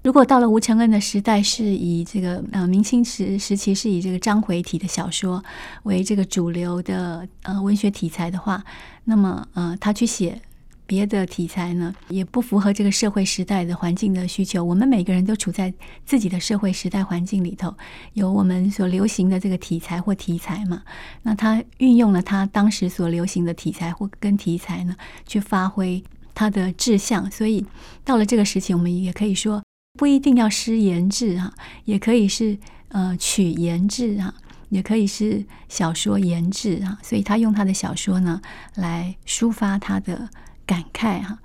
S1: 如果到了吳承恩的時代，是以這個呃明清時時期是以這個章回體的小說為這個主流的呃文學體裁的話，那麼呃他去寫。別的題材呢，也不符合這個社會時代的環境的需求。我們每個人都處在自己的社會時代環境裡頭，有我們所流行的這個體裁或題材嘛。那他運用了他當時所流行的體裁或跟題材呢，去發揮他的志向。所以到了這個時期，我們也可以說，不一定要詩言志啊，也可以是呃曲言志啊，也可以是小說言志啊。所以他用他的小說呢，來抒發他的。感慨哈、啊，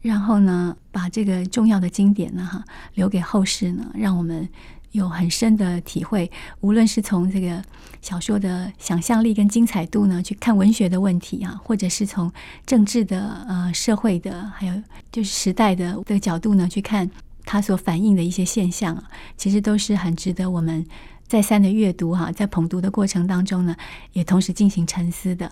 S1: 然後呢，把這個重要的經典呢哈留給後世呢，讓我們有很深的體會。無論是從這個小說的想象力跟精彩度呢，去看文學的問題啊，或者是從政治的、呃社會的，還有就是時代的這個角度呢，去看它所反映的一些現象，其實都是很值得我們，再三的閱讀哈、啊，在捧讀的過程當中呢，也同時進行沉思的，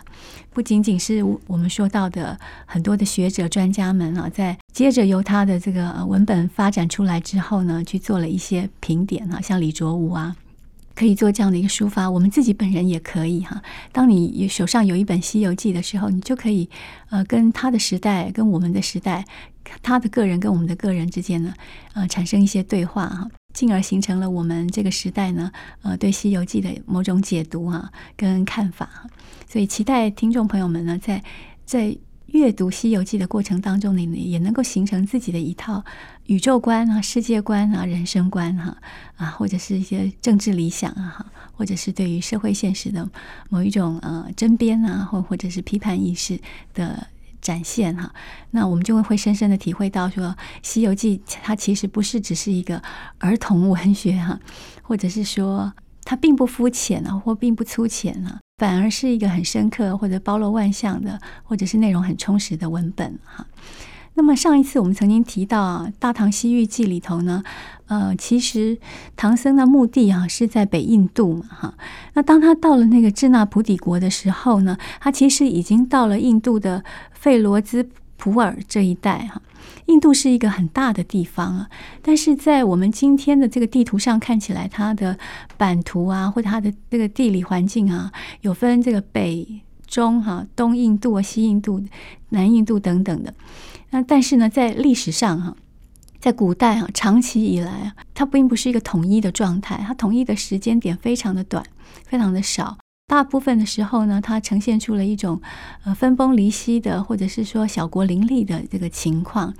S1: 不僅僅是我們說到的很多的學者專家們啊，在接着由他的這個文本發展出來之後呢，去做了一些評點啊，像李卓吾啊，可以做這樣的一個抒發，我們自己本人也可以哈、啊。當你手上有一本《西遊記》的時候，你就可以呃，跟他的時代，跟我們的時代，他的個人跟我們的個人之間呢，呃，產生一些對話哈、啊。進而形成了我們這個時代呢，呃，對《西遊記》的某種解讀啊，跟看法。所以，期待聽眾朋友們呢，在在閱讀《西遊記》的過程當中，你也能夠形成自己的一套宇宙觀啊、世界觀啊、人生觀哈啊，啊，或者是一些政治理想啊，或者是對於社會現實的某一種呃針砭啊，或、啊、或者是批判意識的。展現哈、啊，那我們就會會深深的體會到，說《西遊記》它其實不是只是一個兒童文學哈、啊，或者是說它並不膚淺啊，或並不粗淺啊，反而是一個很深刻或者包羅萬象的，或者是內容很充實的文本哈、啊。那麼上一次我們曾經提到啊，《大唐西域記》裡頭呢，呃，其實唐僧的目的地哈、啊、是在北印度嘛哈、啊。那當他到了那個至那僕底國的時候呢，他其實已經到了印度的費羅茲普爾這一帶哈、啊。印度是一個很大的地方啊，但是在我們今天的這個地圖上看起來，它的版圖啊，或者它的這個地理環境啊，有分這個北。中哈、啊、東印度啊，西印度，南印度等等的，那但是呢，在歷史上哈、啊，在古代哈、啊，長期以來啊，它並不是一個統一的狀態，它統一的時間點非常的短，非常的少，大部分的時候呢，它呈現出了一種呃分崩離析的，或者是說小國林立的這個情況。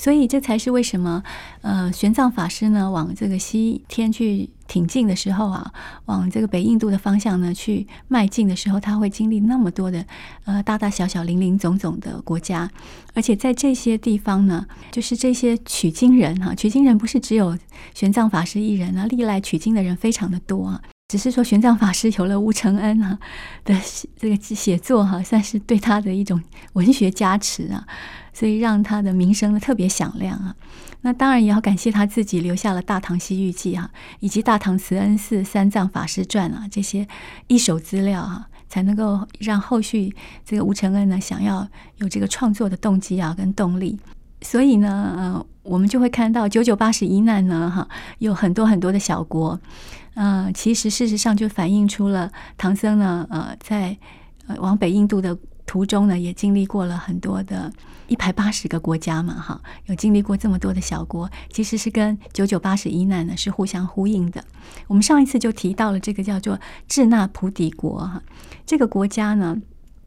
S1: 所以，這才是為什麼，呃，玄奘法師呢，往這個西天去挺進的時候啊，往這個北印度的方向呢去邁進的時候，他會經歷那麼多的，呃，大大小小、林林總總的國家，而且在這些地方呢，就是這些取經人哈、啊，取經人不是只有玄奘法師一人啊，歷來取經的人非常的多啊。只是說玄奘法師有了吳承恩啊的這個寫作哈、啊，算是對他的一種文學加持啊，所以讓他的名聲呢特別響亮啊。那當然也要感謝他自己留下了《大唐西域記》哈、啊，以及《大唐慈恩寺三藏法師傳》啊這些一手資料啊，才能夠讓後續這個吳承恩呢想要有這個創作的動機啊跟動力。所以呢，呃，我們就會看到九九八十一難呢哈，有很多很多的小國。嗯、呃，其實事實上就反映出了唐僧呢，呃，在呃往北印度的途中呢，也經歷過了很多的一百八十個國家嘛，哈，有經歷過這麼多的小國，其實是跟九九八十一難呢是互相呼應的。我們上一次就提到了這個叫做智那菩提國哈，這個國家呢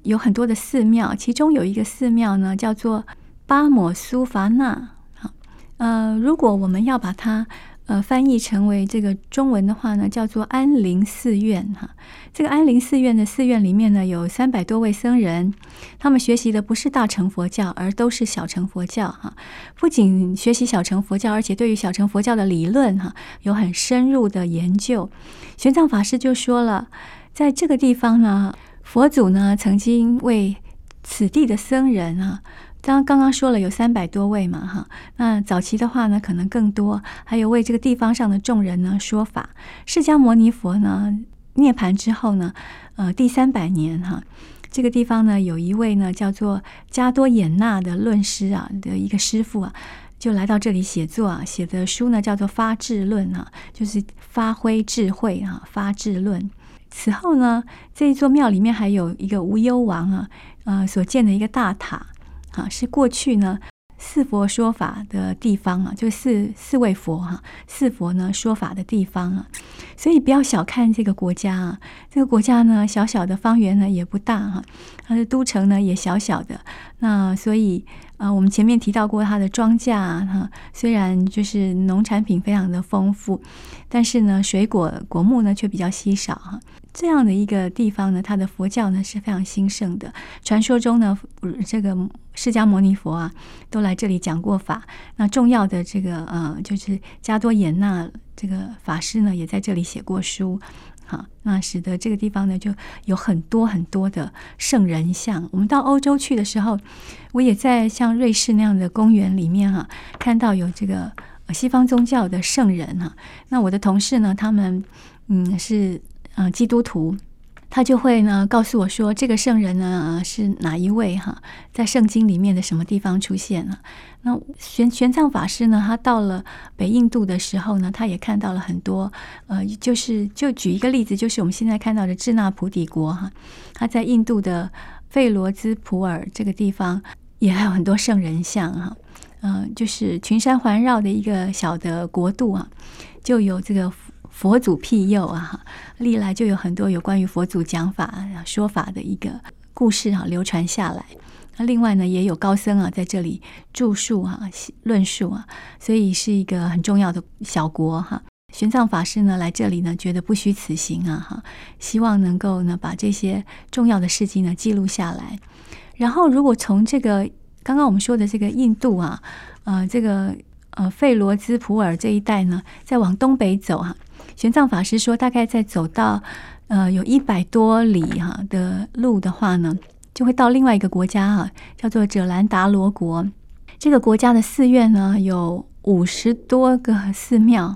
S1: 有很多的寺廟，其中有一個寺廟呢叫做巴姆蘇伐那，哈，呃，如果我們要把它。呃，翻譯成為這個中文的話呢，叫做安林寺院哈、啊。這個安林寺院的寺院裡面呢，有三百多位僧人，他們學習的不是大乘佛教，而都是小乘佛教哈、啊。不僅學習小乘佛教，而且對於小乘佛教的理論哈、啊，有很深入的研究。玄奘法師就說了，在這個地方呢，佛祖呢曾經為此地的僧人啊。剛剛剛說了有三百多位嘛哈，那早期的話呢，可能更多，還有為這個地方上的眾人呢說法。釋迦牟尼佛呢涅槃之後呢，呃，第三百年哈，這個地方呢有一位呢叫做迦多衍那的論師啊的一個師傅啊，就來到這裡寫作啊，寫的書呢叫做《發智論》啊，就是發揮智慧啊，《發智論》。此後呢，這一座廟裡面還有一個無憂王啊，呃，所建的一個大塔。啊，是過去呢四佛說法的地方啊，就是四四位佛哈、啊，四佛呢說法的地方啊，所以不要小看這個國家啊，這個國家呢小小的方圓呢也不大哈、啊，它的都城呢也小小的，那所以啊、呃、我們前面提到過它的莊稼哈、啊啊，雖然就是農產品非常的豐富，但是呢水果果木呢卻比較稀少哈、啊。這樣的一個地方呢，它的佛教呢是非常興盛的。傳說中呢，這個釋迦牟尼佛啊都來這裡講過法。那重要的這個呃，就是迦多衍那這個法師呢也在這裡寫過書，好，那使得這個地方呢就有很多很多的聖人像。我們到歐洲去的時候，我也在像瑞士那樣的公園裡面哈、啊，看到有這個西方宗教的聖人哈、啊。那我的同事呢，他們嗯是。嗯、呃，基督徒他就會呢告訴我說，這個聖人呢、呃、是哪一位哈、啊，在聖經裡面的什麼地方出現了、啊？那玄玄奘法師呢，他到了北印度的時候呢，他也看到了很多，呃，就是就舉一個例子，就是我們現在看到的至那僕底國哈、啊，他在印度的費羅茲普爾這個地方也還有很多聖人像哈、啊，嗯、呃，就是群山環繞的一個小的國度啊，就有這個。佛祖庇佑啊，哈，歷來就有很多有關於佛祖講法、說法的一個故事啊流傳下來。那另外呢，也有高僧啊在這裡著述、啊論述啊，所以是一個很重要的小國哈、啊。玄奘法師呢來這裡呢，覺得不虛此行啊，哈，希望能夠呢把這些重要的事蹟呢記錄下來。然後，如果從這個剛剛我們說的這個印度啊，呃，這個呃費羅茲普爾這一帶呢，再往東北走啊。玄奘法師說，大概在走到呃有一百多里哈、啊、的路的話呢，就會到另外一個國家哈、啊，叫做闍爛達羅國。這個國家的寺院呢有五十多個寺廟，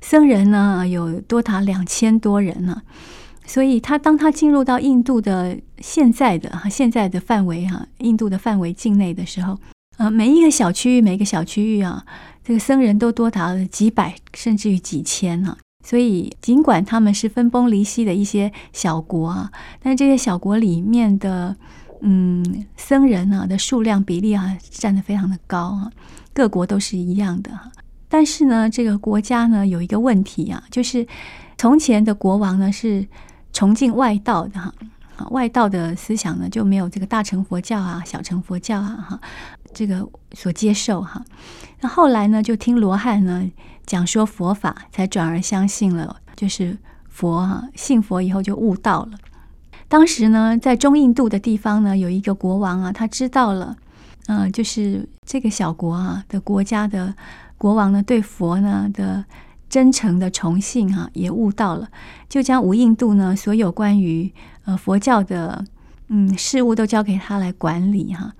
S1: 僧人呢有多達兩千多人呢、啊。所以他當他進入到印度的現在的現在的範圍哈、啊，印度的範圍境內的時候，呃每一個小區域、每一個小區域啊，這個僧人都多達了幾百甚至於幾千呢、啊。所以，儘管他們是分崩離析的一些小國啊，但是這些小國裡面的，嗯，僧人呢、啊、的數量比例啊，佔得非常的高啊，各國都是一樣的。但是呢，這個國家呢有一個問題啊，就是從前的國王呢是崇敬外道的哈、啊，外道的思想呢就沒有這個大乘佛教啊、小乘佛教啊哈，這個所接受哈、啊。那後來呢，就聽羅漢呢。講說佛法，才轉而相信了，就是佛啊，信佛以後就悟道了。當時呢，在中印度的地方呢，有一個國王啊，他知道了，嗯、呃，就是這個小國啊的國家的國王呢，對佛呢的真誠的崇信啊，也悟道了，就將五印度呢所有關於呃佛教的嗯事物都交給他來管理哈、啊。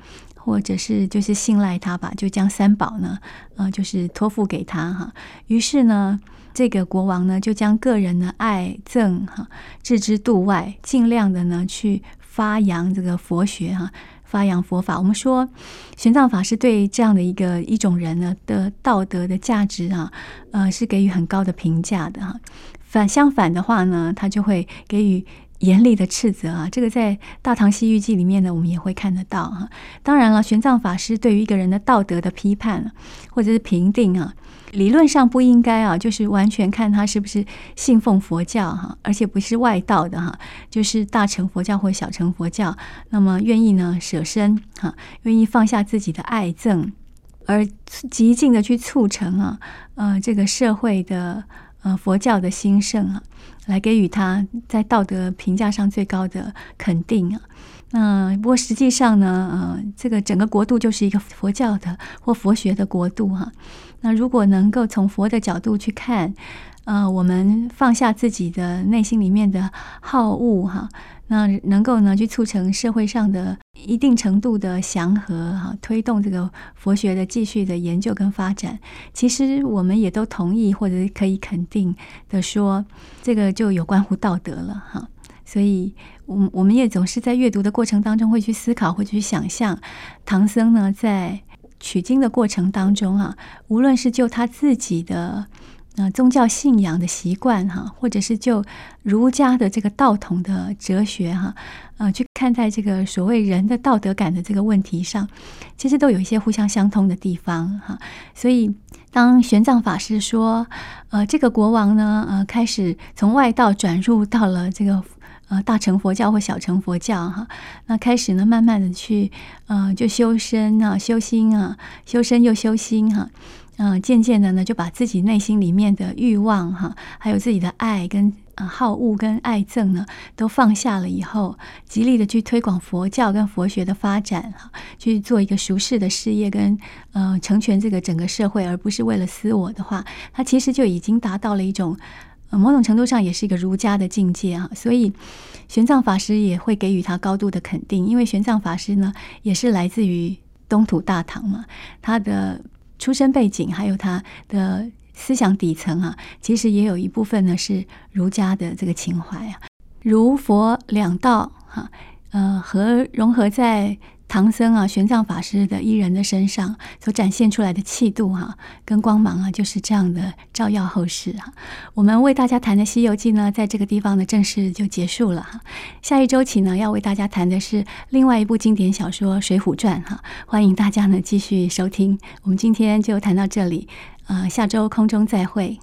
S1: 或者是就是信賴他吧，就將三寶呢，呃，就是托付給他哈。於是呢，這個國王呢就將個人的愛憎哈置之度外，盡量的呢去發揚這個佛學哈，發揚佛法。我們說，玄奘法師對這樣的一個一種人呢的道德的價值啊，呃，是給予很高的評價的哈。反相反的話呢，他就會給予。嚴厲的斥責啊，這個在《大唐西域記》裡面呢，我們也會看得到哈、啊。當然了，玄奘法師對於一個人的道德的批判、啊、或者是評定啊，理論上不應該啊，就是完全看他是不是信奉佛教哈、啊，而且不是外道的哈、啊，就是大乘佛教或小乘佛教，那麼願意呢捨身哈、啊，願意放下自己的愛憎，而極盡的去促成啊，呃，這個社會的呃佛教的興盛啊。來給予他在道德評價上最高的肯定啊。那不過實際上呢，呃，這個整個國度就是一個佛教的或佛學的國度哈。那如果能夠從佛的角度去看，呃，我們放下自己的內心裡面的好惡哈。那能夠呢，去促成社會上的一定程度的祥和哈，推動這個佛學的繼續的研究跟發展。其實我們也都同意或者可以肯定的說，這個就有關乎道德了哈。所以，我我們也總是在閱讀的過程當中會去思考或者去想象，唐僧呢在取經的過程當中啊，無論是就他自己的。宗教信仰的習慣哈，或者是就儒家的這個道統的哲學哈，呃，去看待這個所謂人的道德感的這個問題上，其實都有一些互相相通的地方哈。所以，當玄奘法師說，呃，這個國王呢，呃，開始從外道轉入到了這個呃大乘佛教或小乘佛教哈，那開始呢，慢慢的去呃，就修身啊，修心啊，修身又修心哈。嗯、呃，漸漸的呢，就把自己內心裡面的欲望哈、啊，還有自己的愛跟、啊、好惡跟愛憎呢，都放下了以後，極力的去推廣佛教跟佛學的發展、啊、去做一個俗世的事業跟嗯、呃、成全這個整個社會，而不是為了私我的話，他其實就已經達到了一種、呃、某種程度上也是一個儒家的境界啊。所以玄奘法師也會給予他高度的肯定，因為玄奘法師呢也是來自於東土大唐嘛，他的。出身背景還有他的思想底層啊，其實也有一部分呢是儒家的這個情懷啊，儒佛兩道哈、啊，呃和融合在。唐僧啊，玄奘法師的伊人的身上所展現出來的氣度哈、啊，跟光芒啊，就是這樣的照耀後世啊。我們為大家談的《西遊記》呢，在這個地方呢，正式就結束了哈。下一周起呢，要為大家談的是另外一部經典小說《水滸傳》哈、啊。歡迎大家呢，繼續收聽。我們今天就談到這裡，呃，下周空中再會。